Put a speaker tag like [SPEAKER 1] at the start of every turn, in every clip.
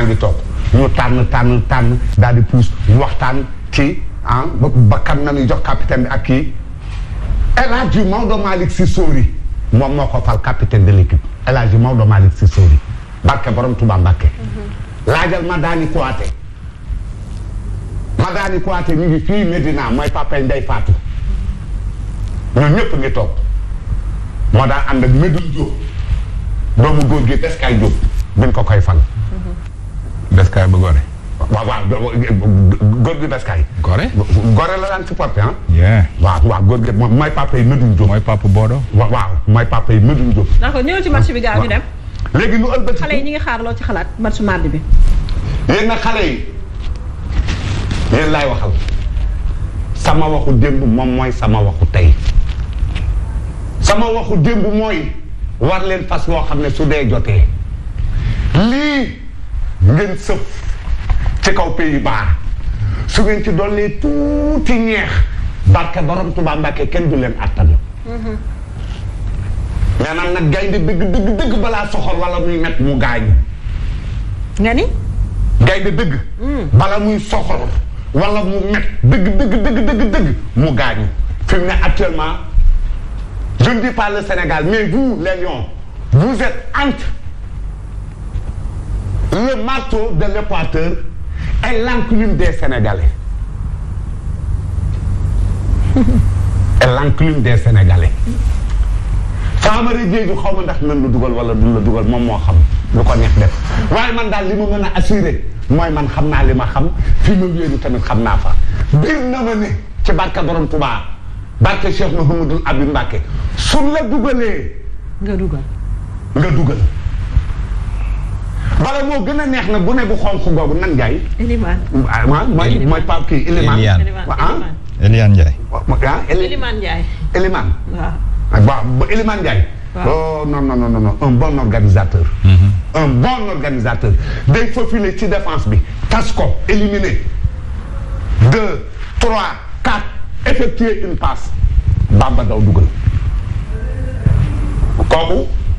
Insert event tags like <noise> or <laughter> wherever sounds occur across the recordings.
[SPEAKER 1] maa ngi toog ñu tànn tànn tànn daal di pousse waxtaan ci ah ba kan nañu jox capitaine bi ak kii El Hadj Maodo Malick Sy moom moo ko fal capitaine de l'équipe El Hadj Maodo Malick Sy Sori barke borom Touba Mbacke
[SPEAKER 2] mhm.
[SPEAKER 1] laajal ma daani Kouaté ma daani Kouaté ñu ngi fii ngi toog moo daan ànd ak Medoune doomu góor gi Beskaay Diop buñ ko koy fal Beskaay ba Gorée. waaw waaw góor gi Beskaay. Gorée Gorée la daan supporté ah. waaw waaw góor gi mooy papa yi Medoune Diop. mooy papa Bodo. waaw waaw mooy papa yi Medoune Diop.
[SPEAKER 3] d'accord ñëw ci match bi gaaw ñu dem.
[SPEAKER 1] léegi lu ëllëg. xale yi
[SPEAKER 3] ñu ngi xaar loo ci xalaat match mardi bi.
[SPEAKER 1] yéen nag xale yi yéen laay waxal sama waxu démb moom mooy sama waxu tey sama waxu démb mooy war leen fas woo xam ne su dee jotee lii. ngeen ci kaw Pays-Bas su ngeen ci dolli tuuti ñeex barke borom Tuubaa Mbàkke kenn du leen attan. mais nag nag gaynde dëgg dëgg dëgg balaa soxor wala muy met mu gaañu. nga ni. gaynde dëgg. Mm. muy soxor wala mu met dëgg dëgg dëgg dëgg dëgg mu gaañu fi mu ne actuellement je ne dis pas le Sénégal mais vous les Lions vous entre. le marteau de l'équateur est l'enclume des Sénégalais. <laughs> est l'enclume des Sénégalais. Famara Diédhiou xaw ma ndax nan la dugal wala du la dugal moom moo xam lu ko neex def waaye man daal li ma mën a mooy man xam naa li ma xam fi ma wéeru tamit xam naa fa. biir ma ne ci barke Borom Touba barke Cheikh Mouhamadou Abib Mbacké su la dugalee.
[SPEAKER 2] nga
[SPEAKER 3] dugal.
[SPEAKER 1] bala moo gën a neex na bu ne bu xonq boobu nan Ndiaye. Eliman ah, mooy mooy Eliman. Eliman Eliman. Ah, Eliman Ndiaye. oh non non un bon organisateur. Mm-hmm. un bon organisateur day faufiler ci défense bi tas ko deux trois quatre effectuer une passe Bamba daw dugal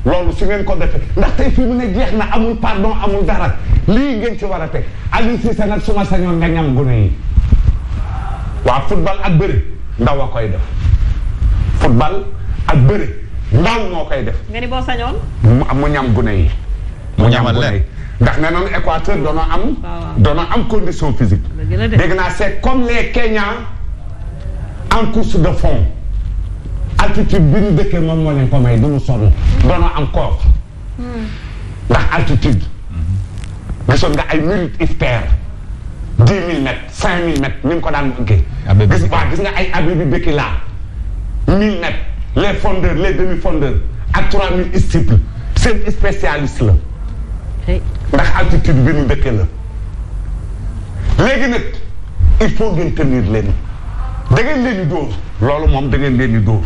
[SPEAKER 1] loolu si ngeen ko defee ndax tey fii mu ne jeex na amul pardon amul dara lii ngeen ci war a teg Aliou Cissé nag su sañoon nga ñam gune yi waaw football ak bëri ndaw a koy def football ak bëri ndaw moo koy def.
[SPEAKER 3] nga ni boo sañoon.
[SPEAKER 1] mu ñam gune yi. mu ñamal leen ndax nee nañu Équateur doonoo am. doonoo am condition physique. dégg naa seet comme les Kenyans en course de fond. altitude bi ñu dëkkee moom moo leen ko may du ñu sonn doonoo am koor ndax altitude gisoon nga ay minute iftaire dix mille mètres cinq mille mètres ni mu ko daan bëggee gis waaw gis nga ay abri bi la laa mille mètres les fondeurs les demi fondeurs ak trois mille seen spécialiste la ndax altitude bi ñu dëkkee la léegi nag il faut ngeen tenir leen da ngeen leen di dóor loolu moom da ngeen leen di dóor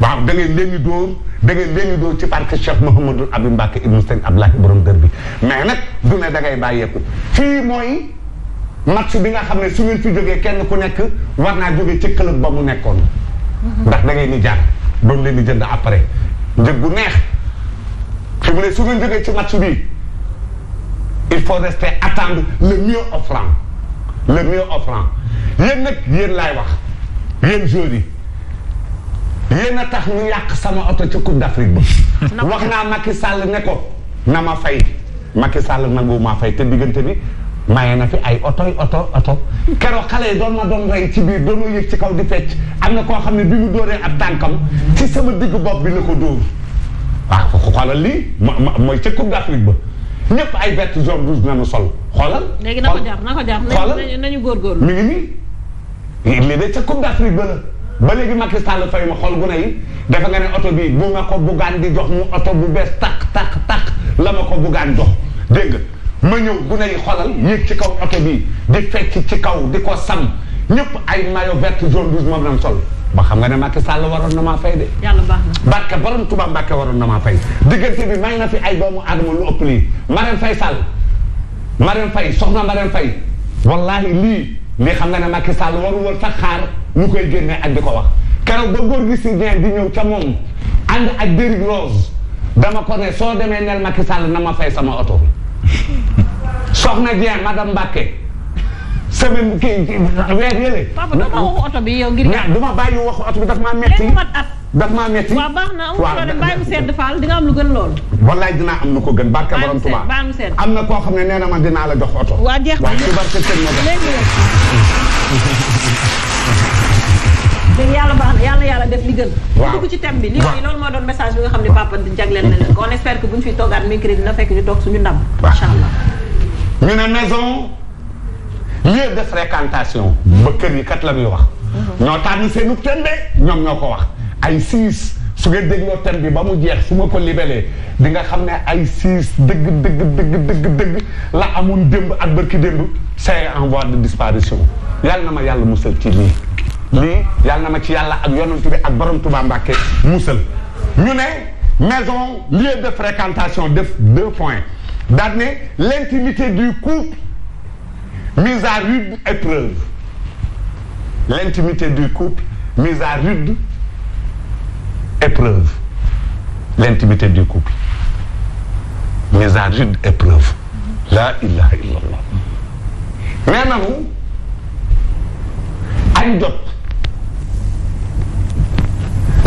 [SPEAKER 1] waaw da ngeen leen di dóor da ngeen leen di dóor ci barke Cheikh Mouhamadul Abdou Mbacke ibnu Sëñ Abdoulaye borom dër bi mais nag du ne da ngay bàyyeeku mooy match bi nga xam ne su fi jógee kenn ku nekk war naa jógee ci club ba mu nekkoon. ndax da ngeen di jaar doon leen di jënd après njëg bu neex fi mu ne su ngeen ci match bi il faut rester attendre le mieux offrant le mieux offrant yéen nag yéen laay wax yéen joueurs yi yéen a tax ñu yàq sama oto ca Coupe d'Afrique ba wax naa Macky Sall ne ko na ma fay Macky Sall nangu ma fay te diggante bi maye na fi ay oto oto oto keroog xale yi doon ma doon rey ci biir doon yëg ci kaw di fecc am na koo xam ne bi mu dóoree ab tànkam ci sama digg bopp bi la ko dóor waaw xoolal lii mooy ca Coupe d'Afrique ba ñëpp ay vert jaune rouge nañu sol xoolal.
[SPEAKER 3] léegi na ko jar na ko jar nañu góorgóorlu mi ngi
[SPEAKER 1] nii lii de ca Coupe d'Afrique ba la. ba léegi Macky Sall fay ma xool gune yi dafa nga ne oto bi bu ma ko buggaan di jox mu oto bu bees taq taq taq la ma ko buggaan jox dégg nga ma ñëw gune yi xolal yéeg ci kaw oto bi di fek ci ci kaw di ko sam ñëpp ay maillot vert zone rouge moom lañ sol ba xam nga ne Macky Sall waroon na maa fay de.
[SPEAKER 3] yàlla baax na
[SPEAKER 1] barke borom Touba Mbacke waroon na maa fay diggante bi may na fi ay doomu aadama lu ëpp lii Marème Faye Sall Marème Faye soxna Marème fay wallaahi lii lii xam nga ne Macky Sall waru woon sax xaar. ñu koy génnee ak di ko wax keroog ba góor gi si ñeen di ñëw ca moom ànd ak Derrick Rose dama ko ne soo demee nel Macky Sall na ma fay sama oto bi soxna Dieng madame Mbacke semaine kii weer yële. papa dama waxu
[SPEAKER 3] oto bi yow ngir. du
[SPEAKER 1] ma bàyyi waxu oto bi daf maa metti léegi mat at. daf maa metti waaw baax na amul problème bàyyi mu sedd
[SPEAKER 3] faal di nga am lu gën loolu.
[SPEAKER 1] wallaay dinaa am lu ko gën barke borom Tuubaa bàyyi mu sedd am na koo xam ne nee na man dinaa la jox oto. waa jeex na waaw ci barke seen ma
[SPEAKER 3] léegi yàlla baax na yàlla yàlla def li gën waaw dugg ci thème bi li loolu moo doon message bi nga xam ne papa jagleel na leen ko on espère que bu ñu fiy toogaat mercredi dina fekk ñu toog suñu ndam
[SPEAKER 2] incha allah
[SPEAKER 1] ñu ne maison lieu de fréquentation ba kër yi kat la muy wax mhm. ñoo tànn seenu thème de ñoom ñoo ko wax ay siis su ngeen dégloo thème bi ba mu jeex su ma ko libelee di nga xam ne ay siis dëgg dëgg dëgg dëgg la amoon démb ak bërki démb c'est en voie de disparition yàlla na ma yàlla musal ci lii lii yàlla na ma ci yàlla ak yonent bi ak borom Tuubaa Mbàkke musal ñu ne maison lieu de fréquentation def deux points daal ne l'intimité du couple mise à rude épreuve l'intimité du couple mise à rude épreuve l'intimité du couple mise à rude épreuve jot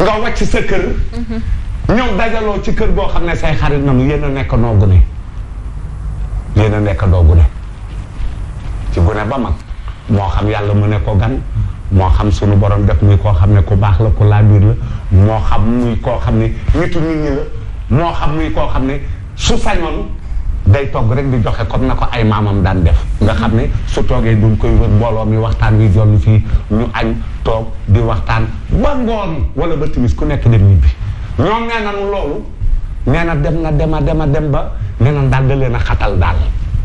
[SPEAKER 1] nga wàcc sa kër. ñëw dajaloo ci kër boo xam ne say xarit ñoom yéen a nekk noo gune yéen a nekk doo gune ci gune ba mag moo xam yàlla mu ne ko gan moo xam sunu borom def muy koo xam ne ku baax la ku laa biir la moo xam muy koo xam ne nitu nit ñi la moo xam muy koo xam ne su sañoon day togg rek di joxe comme na ko ay maamam daan def nga xam ne su toogee duñ koy wër mbooloo mi waxtaan wi jollu fii ñu añ toog di waxtaan ba ngoon wala ba timis ku nekk dem ñibbi ñoom nee nañu loolu nee na dem na dema dema dem ba nee na daal da leen a xatal daal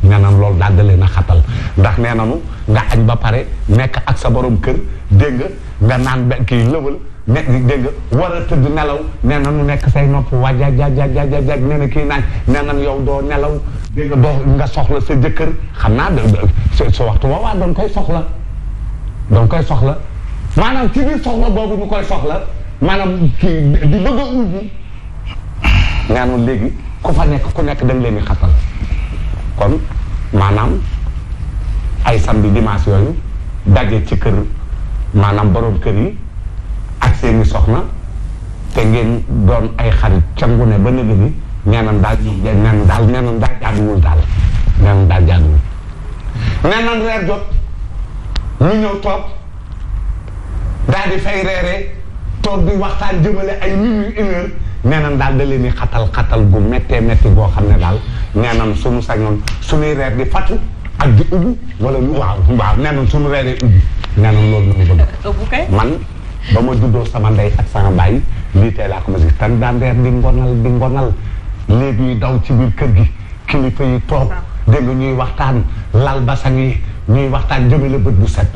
[SPEAKER 1] nee na loolu daal da leen a xatal ndax nee nañu nga añ ba pare nekk ak sa borom kër dégg nga nga naan yi lëwal ne dégg nga war a tëdd nelaw nee na nu nekk say nopp waajal jaajal jaajal jaajal nee na kii naaj nee na yow doo nelaw dégg nga doo nga soxla sa jëkkër xam naa da sa waxtu woowaa doon koy soxla doon koy soxla maanaam ci biir soxla boobu ñu koy soxla maanaam kii di bëgg a ubbi nee na léegi ku fa nekk ku nekk da nga leen di xatal kon maanaam ay samedi dimanche yooyu daje ci kër maanaam borom kër yi. seeni soxna te ngeen doon ay xarit cangu ne ba nëgë bi neenam daal neenam daal neenam daal jaaduwul daal neenam daal jaaduwul reer jot ñu ñëw toog daal di fay toog di waxtaan jëmale ay minuit une heure daal da leen di xatal xatal gu méttee métti boo xam ne daal neenam suñu sañoon suñuy reer di fatu ak di ubbi wala waaw waaw neenam suñu reeree ubbi neenam loolu la ñu
[SPEAKER 2] bëgg
[SPEAKER 1] <laughs> ba ma juddoo sama ndey ak sama baay lii tey ma si tan daan reer di ngonal di ngonal léegi daw ci biir kër gi kilifa yi toog dégg nga ñuy waxtaan lal basang yi ñuy waxtaan jëmale bët bu set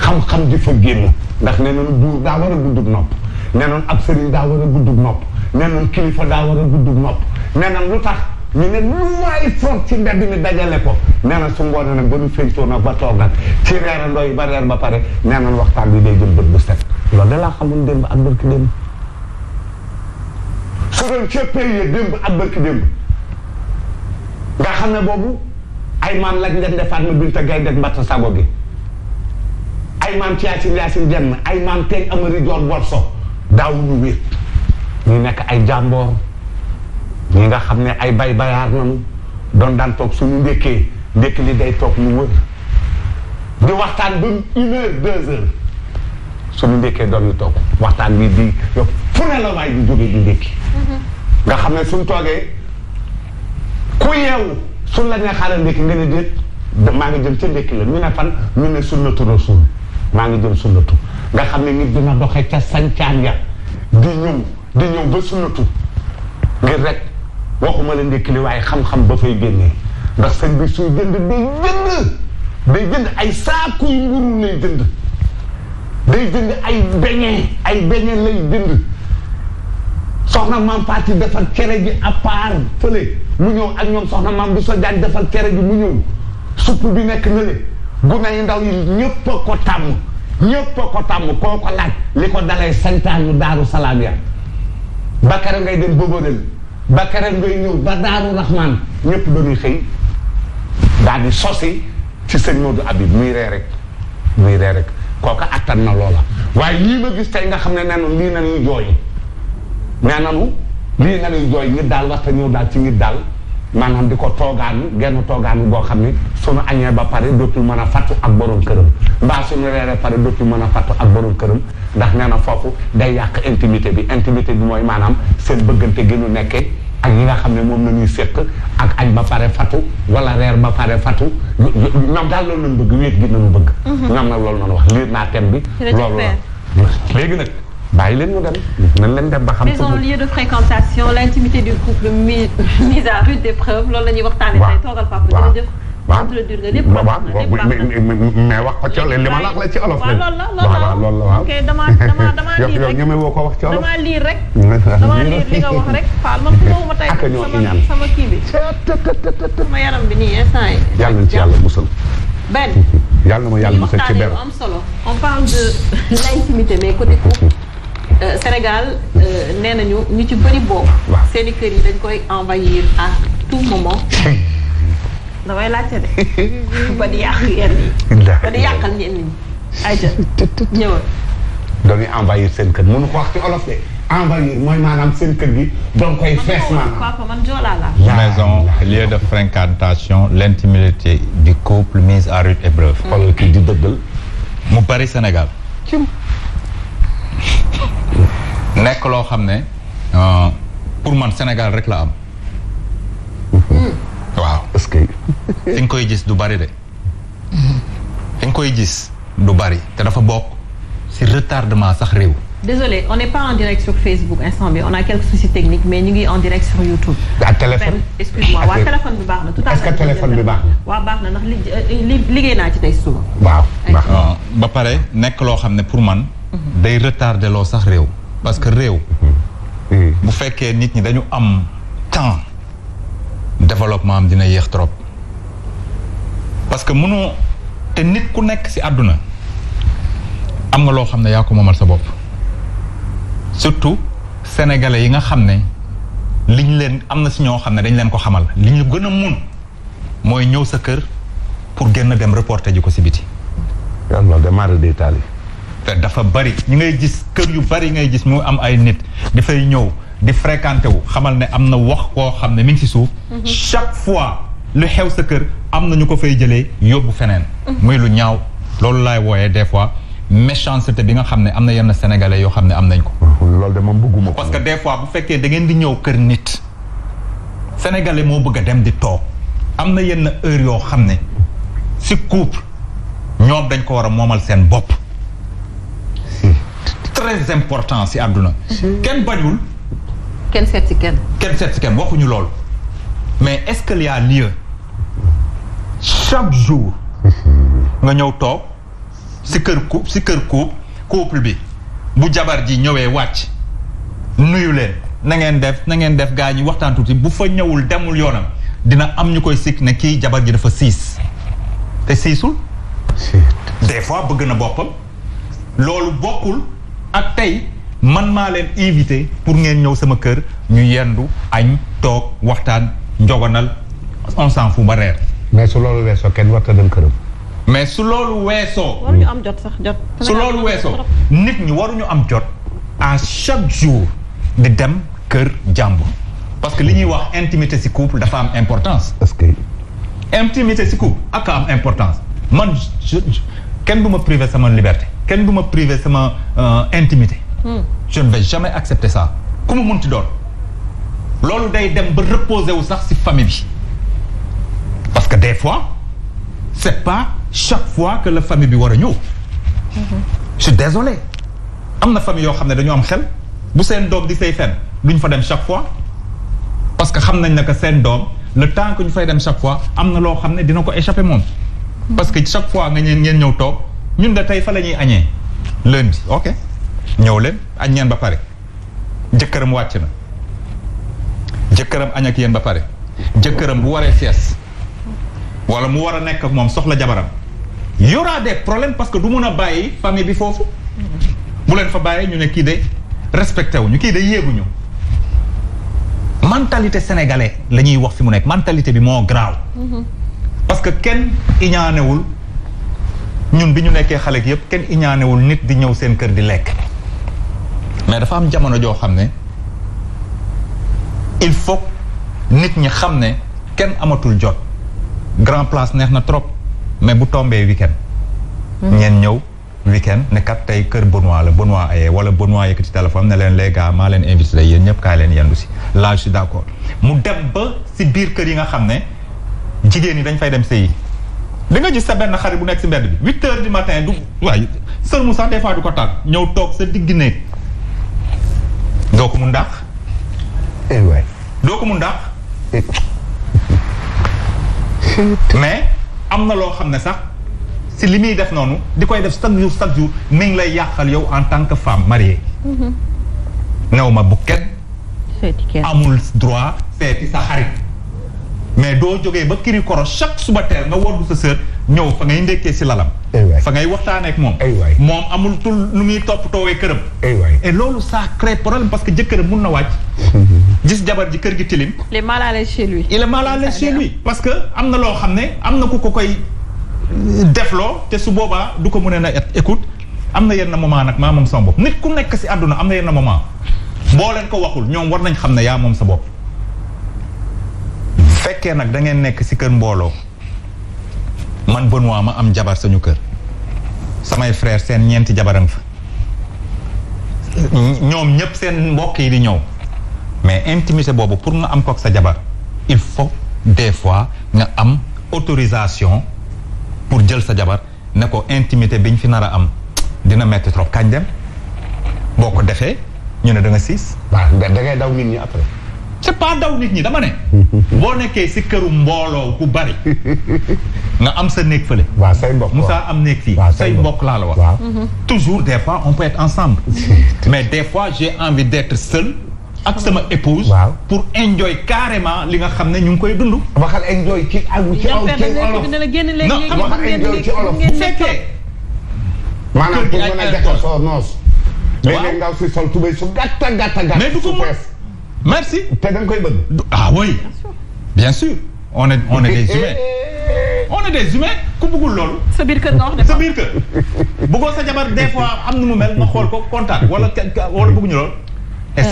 [SPEAKER 1] xam-xam di fa génn ndax nee nañu buur daa war a guddub nopp nee nañu ab sëriñ daa war guddub nopp nee nañu kilifa daa war guddub nopp nee nañu lu tax ñu ne lu waay foog ci mbedd mi dajale ko nee na su ngoone nag ba ñu féntoo nag ba toog nag ci reerandoo yi ba reer ba pare nee nañu waxtaan bi day jëm bët bu set loolu da laa xamoon démb ak barki démb su doon ca pays démb ak barki démb nga xam ne boobu ay maam lañ leen defaat ma binta gay def mbatta sago gi ay maam ci yaasin yaasin jenn ay maam teeg amari joor borso daawuñu wéet ñu nekk ay jàmboor ñi nga xam ne ay bay bayaar nanu doon daan toog suñu ndékkee ndékk li day toog mu wër di waxtaan ba une heure suñu ndékkee doom yi toog waxtaan bi di yo fu ne la waay di jógee di ndékki mm-hmm. nga xam ne suñ toogee ku yeewu suñ la ne xaaral ndékki nga ne déet maa ngi jëm ca ndékki la ñu ne fan ñu ne sunnatu rasul maa ngi jëm sunnatu nga xam ne nit dina doxee ca sancaan ya di ñëw di ñëw ba sunnatu rek waxuma la ndékki li waaye xam-xam ba fay génnee ndax sëñ bi suy jënd ay saakuy mburu lay day bind ay beñee ay beñee lay bind soxna maam parti defar kere ji à part fële mu ñëw ak ñoom soxna maam bu sojaaj defal kere ji mu ñëw supp bi nekk na le gune yi ndaw yi ñëpp a ko tàmm ñëpp a koo ko laaj li ko dalay santaan yu daaru salaam ya ba kere ngay dem bëbërël ba kere ngay ñëw ba daaru raxmaan ñëpp dañuy xëy daal di sosi ci sëñ Modou Habib muy ree rek muy ree rek kooka attan na loola waaye lii ma gis tey nga xam ne nenu lii nañuy jooy nee nanu lii nañuy jooy nit daal wasta ñëw daal ci nit daal maanaam di ko toogaanu genn toogaanu boo xam ne nu añee ba pare dootul mën a fattu ak borom këram mbaa suñu reeree pare dootul mën a fattu ak borom këram ndax nee na foofu day yàq intimité bi intimité bi mooy maanaam seen bëggante gënu nekkee ak yi nga xam ne moom la ñuy fekk ak añ ba pare fatu wala reer ba pare fatu ñoom daal loolu lañu bëgg wéet gi nañu bëgg mhm. ñoom nag loolu noonu wax liir naa thème bi loolu la léegi nag bàyyi leen mu dem nan leen dem ba xam maison lieu
[SPEAKER 3] de fréquentation l'intimité du couple mise à rude épreuve loolu la ñuy waxtaane tey toogal papa jërëjëf
[SPEAKER 1] mais wax ko ci olof li ma la wax la ci olof la waaw loolu la waaw dama dama dama <laughs> lii rek ñeme woo ko wax ci olof dama <laughs> lii rek dama lii li nga wax rek
[SPEAKER 3] Fall man ku ma wuma tey sama kii bi sama yaram bi nii instant yi yàlla na ci yàlla musal benn
[SPEAKER 1] <laughs> yàlla na ma yàlla musal ci benn am
[SPEAKER 3] solo on parle de l'intimité mais côté couple euh, Sénégal euh, nee nañu ñu ci bëri boobu seen i kër yi dañ koy envahir à tout moment damay laajte de ba di yàq yenn yi. ba di yàqal ñenn ñi. ayca ñëwal.
[SPEAKER 1] dañuy envahir seen kër mënu ko wax ci olof de envahir mooy maanaam seen kër gi.
[SPEAKER 3] donc koy fees maanaam papa man joolaa la. maison
[SPEAKER 4] lieu de fréquentation l'intimité du couple mise à rude épreuve. xoolal kii di dëggal. mu bari Sénégal. nekk loo xam ne euh, pour man Sénégal rek la am. parce que. fi koy gis du bari de. fi koy gis du bari te dafa bokk ci retardement sax réew.
[SPEAKER 3] désolé on n'est pas en direct sur bi on a quelques mais ñu ngi en direct sur ak téléphone excuse téléphone bi baax na. tout à fait liggéey naa ci tey suba.
[SPEAKER 4] waaw baax ba pare nekk loo xam ne pour man. day retardé loo sax réew. parce que réew. Mhm. bu fekkee nit ñi dañu am temps. développement am dina yéex trop parce que mënoo te nit ku nekk ci àdduna am nga loo xam ne yaa ko moomal sa bopp surtout sénégalais yi nga xam ne liñ leen am na si ñoo xam ne dañ leen ko xamal li ñu gën a mun mooy ñëw sa kër pour génn dem reporter ji ko si biti. yàlla démarré des te dafa bari ñi ngay gis kër yu bari ngay gis mu am ay nit dafay ñëw. di fréquenté wu xamal ne am na wax koo xam ne mu ngi ci suuf. Mhm. chaque fois lu xew sa kër am na ñu ko fay jëlee yóbbu feneen. Mhm. muy lu ñaaw loolu laay wooyee des fois méchanceté bi nga xam ne am na yenn sénégalais yoo xam ne am nañ ko. loolu de moom parce que des fois bu fekkee da ngeen di ñëw kër nit. sénégalais moo bëgg a dem di toog am na yenn heure yoo xam ne ci couple ñoom dañ ko war a moomal seen bopp. Hmm. très important si àdduna.
[SPEAKER 3] Hmm. kenn bañul. kenn seet si kenn.
[SPEAKER 4] kenn seet si waxuñu loolu mais est-ce qu'il y lieu chaque jour nga ñëw toog si kër couple si bi bu jabar ji ñëwee wàcc nuyu leen na ngeen def na ngeen def gaa ñi waxtaan tuuti bu fa ñëwul demul yoonam dina am ñu koy sikk ne kii jabar ji dafa siis te siisul. des fois bëgg na boppam loolu bokkul ak tey. man maa leen invité pour ngeen ñëw sama kër ñu yendu añ toog waxtaan njogonal on s'en fout ba reer. mais su loolu weesoo kenn warta dem këram. mais su loolu
[SPEAKER 3] weesoo. waruñu am jot sax jot. su loolu weesoo
[SPEAKER 4] nit ñi waruñu am jot à chaque jour di dem kër jàmbur. parce que li ñuy wax intimité si couple dafa am importance. parce que intimité ci couple ak am importance man kenn du ma privé sama liberté kenn du ma privé sama euh, intimité. Hmm. je ne vais jamais accepter ça ku mu munti doon loolu day dem ba reposer wu sax ci famille bi parce que des fois c'est pas chaque fois que la famille bi war a ñëw je suis désolé am na famille yoo xam ne dañoo am xel bu seen doom di say fenn duñ fa dem chaque fois parce que xam nañ ne que seen doom le temps que ñu fay dem chaque fois am na loo xam ne dina ko échapper moom parce que chaque fois nga ñeen ngeen ñëw toog ñun da tey fa la ñuy añee lundi ok ñëw leen añ ngeen ba pare jëkkëram wàcc na jëkkëram añ ak yéen ba pare jëkkëram bu waree fees wala mu war a nekk moom soxla jabaram y aura des problèmes parce que du mun a bàyyi famille bi foofu bu leen fa bàyyee ñu ne kii de respecté wuñu kii de yéeguñu mentalité sénégalais la ñuy wax fi mu nekk mentalité bi moo graaw mhm. parce que kenn iñaanewul ñun bi ñu nekkee xale yëpp kenn iñaanewul nit di ñëw seen kër di lekk mais dafa am jamono joo xam ne il faut nit ñi xam ne kenn amatul jot grand place neex na trop mais bu tombee weekend ñeen hmm. ñëw weekend ne kat tey kër Benoît la Benoît ayee wala Benoît yëkkati téléphone ne leen les maa leen invité yéen ñëpp kaay leen yendu si là je suis d'accord mu dem ba si biir kër yi nga xam ne jigéen ñi dañ fay dem sëyi da nga gis sa benn xarit bu nekk si mbedd bi huit heures du matin du waaye sër mu sax des fois du ko taal ñëw toog sa digg néeg doo ko mun dàq. doo ko mun dàq. mais am na loo xam ne sax si li muy def noonu di koy def chaque jour chaque mi ngi lay yàqal yow en tant que femme mariée. Mhm. new ma bu kenn. amul droit seeti sa xarit. mais doo jógee ba kiri koro chaque suba teel nga woddu sa sœur. ñëw fa ngay ndekkee si lalam fa ngay waxtaan ak moom moom amul tul lu muy topp toppatoowee këram loolu ça crée problème parce que jëkkëram mun na wàcc <laughs> gis jabar ji kër gi tilim
[SPEAKER 3] il est mal à l'aise chez lui
[SPEAKER 4] il est parce que am na loo xam ne am na ku ko koy euh, defloo te su boobaa du ko mën a écoute am na yenn moment nag maa moom sama bopp nit ku nekk si àdduna am na yenn moment boo leen ko waxul ñoom war nañ xam ne yaa moom sa bopp fekkee nag da ngeen nekk si kër mbooloo man Benoît ma am jabar sañu kër samay frère seen ñeenti jabaram fa ñoom ñëpp seen mbokk yi di ñëw mais intimité boobu pour nga am kook sa jabar il faut des fois nga am autorisation pour jël sa jabar ne ko intimité biñ fi nar a am dina metti trop kañ dem boo ko defee ñu ne da nga siis. waaw da ngay daw nit ñi après. c'est pas daw nit ñi dama ne. <laughs> boo nekkee si këru mbooloo ku bari. nga am sa néeg fële. waaw say mbokk Moussa am néeg fii. say mbokk laa la wax. Mhm. toujours des fois on peut être ensemble. <laughs> mais des fois j'ai envie d'être seul. ak sama épouse. waaw pour enjoy carrément li nga xam ne ñu ngi koy dund. waxal enjoy ci aw ci aw ci olof
[SPEAKER 1] dina a jaxasoo noos. waaw léeg-léeg ndaw si sol tubéy du ko mën merci. tegan da nga koy bëgg. ah oui. bien sûr
[SPEAKER 4] on est on est des eh. humains. on est des humains ku bëggul loolu. sa biir kër de. sa biir kër bëggoo sa jabar des fois am nu mu mel nga xool ko kontaan wala wala bëgguñu loolu. et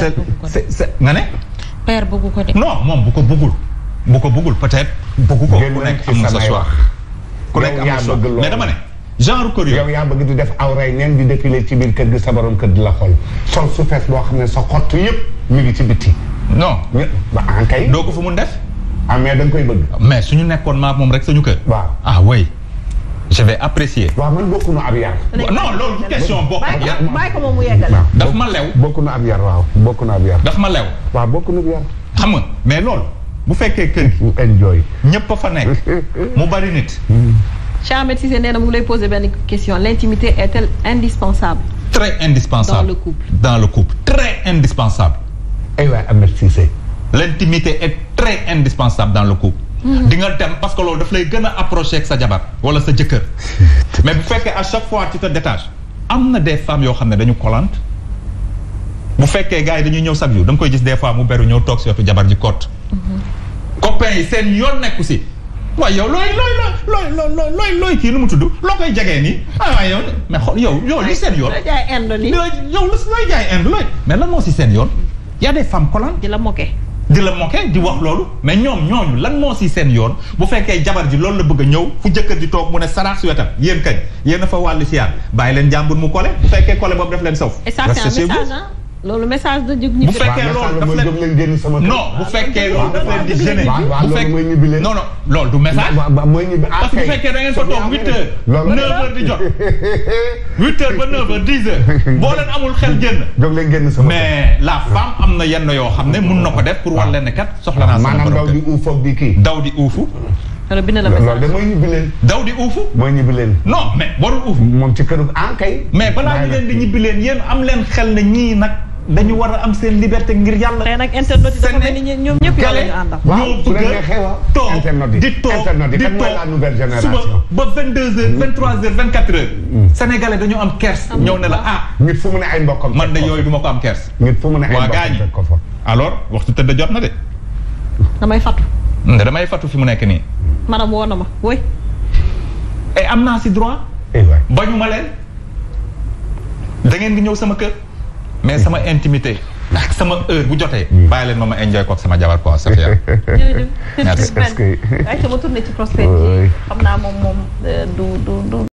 [SPEAKER 4] c'est nga ne.
[SPEAKER 3] per bëggu ko de.
[SPEAKER 1] non moom bu ko bëggul. bu ko bëggul peut-être bëggu ko ku nekk amul sa choix ku nekk amul sa choix mais dama ne. genre kër yaa bëgg di def awray neen di défilé ci biir kër sabaroon sa kër di la xool sol su fees boo xam ne sa xottu yëpp. mi ngi ci bitti. non ba en ah, kay. doo ko fa mun def. ah mais da nga koy bëgg.
[SPEAKER 4] mais suñu nekkoon maak moom rek suñu kër. waaw ah oui. je vais apprécier. waaw man bokk na ab yar. non loolu question bokk ab yar.
[SPEAKER 3] bàyyi ko moom mu yeggal.
[SPEAKER 4] daf ma lew. bokk na ab yar waaw bokk na ab yar. daf ma lew. waaw bokk na ab yar. xam nga mais loolu. bu fekkee kër gi. enjoy. ñëpp a fa nekk <laughs> mu bari nit. Mm-hmm.
[SPEAKER 3] Chamad Cissé nee na mu ngi lay poser benn question l'intimité est-elle indispensable.
[SPEAKER 4] très indispensable dans le couple. dans le couple très indispensable. Eh ay waay Ahmed Cissé l'intimité est très indispensable dans le couple hmm. di nga dem parce que loolu daf lay gën a approché ak sa jabar wala sa jëkkër <laughs> mais bu fekkee à chaque fois ti te détaches am na des femmes yoo xam ne dañu collante bu fekkee gars yi dañuy ñëw chaque jour da nga koy gis des fois mu beru ñëw toog si wetu jabar ji kott hmm. copains yi seen yoon nekku si waaye yow looy looy looy looy looy looy kii nu mu tudd loo koy jegee nii ah waaye xool yow yow li seen yoon looy jaay ind looy mais lan moo si seen yoon y a des femmes collantes. di la moquer. di la moquer di wax loolu mais ñoom ñooñu lan moo si seen yoon bu fekkee jabar ji loolu la bëgg ñëw fu jëkkër ji toog mu ne saraax si wetam yéen kañ yéen fa wàllu si yaar bàyyi leen jàmbur mu cole bu fekkee kole boobu def leen sauf. restez chez vous
[SPEAKER 3] loolu message de jug ñu. bu fekkee loolu daf
[SPEAKER 4] leen non bu fekkee loolu daf leen di gêner. bu fekkee non non loolu du message. parce que bu ah, fekkee da ngeen fa toog huit heures. loolu neuf heures di jot. <laughs> huit heures ba neuf heures dix heures. boo leen amul xel génn. jóg leen génn sama mais la femme am na yenn yoo xam ne mun na ko def pour war leen ne kat soxla naa. sama borom kër maanaam
[SPEAKER 1] daw di uuf foofu di kii. daw di uufu.
[SPEAKER 3] alors bind la message loolu de mooy
[SPEAKER 1] ñibbi leen. daw di uufu. mooy ñibbi leen. non mais warul uuf. moom ci këru ankay. Ah, mais balaa ñu leen di
[SPEAKER 4] ñibbi leen yéen am leen xel ne ñii nag dañu war a am seen liberté ngir yàlla. tey nag internet yi dafa mel ni ñoom ñëpp yàlla ñu àndal. waaw bu leen xew
[SPEAKER 1] internet yi di
[SPEAKER 4] toog di toog la nouvelle génération. suba ba vingt deux heures mm. vingt trois heures vingt quatre heures. Mm. sénégalais dañu am kers. ñëw ne la ah. nit fu mu ne ay mbokkam man de yooyu du ma ko am kers. nit fu mu ne ay mbokkam ko fa alors waxtu tëdd jot
[SPEAKER 3] na de. damay fatu.
[SPEAKER 4] nga mm, damay fatu fi mu nekk nii.
[SPEAKER 3] maanaam woo na ma woy. et eh, am naa si droit.
[SPEAKER 4] Eh, bañu ma leen. da ngeen di ñëw sama kër. mais sama intimité sama bu jotee. Hmm. bàyyi leen ma ma enjoy kook sama jabar quoi Safia. <laughs> jërëjëf merci est ce que. waaye
[SPEAKER 3] sama tournée xam naa moom moom euh, du du du.